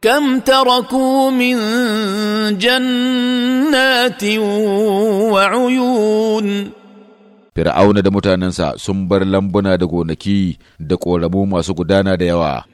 Kan تركوا من جنات وعيون Fir'auna da mutanensa sun bar lambuna da gonaki da ƙoramu masu gudana da yawa.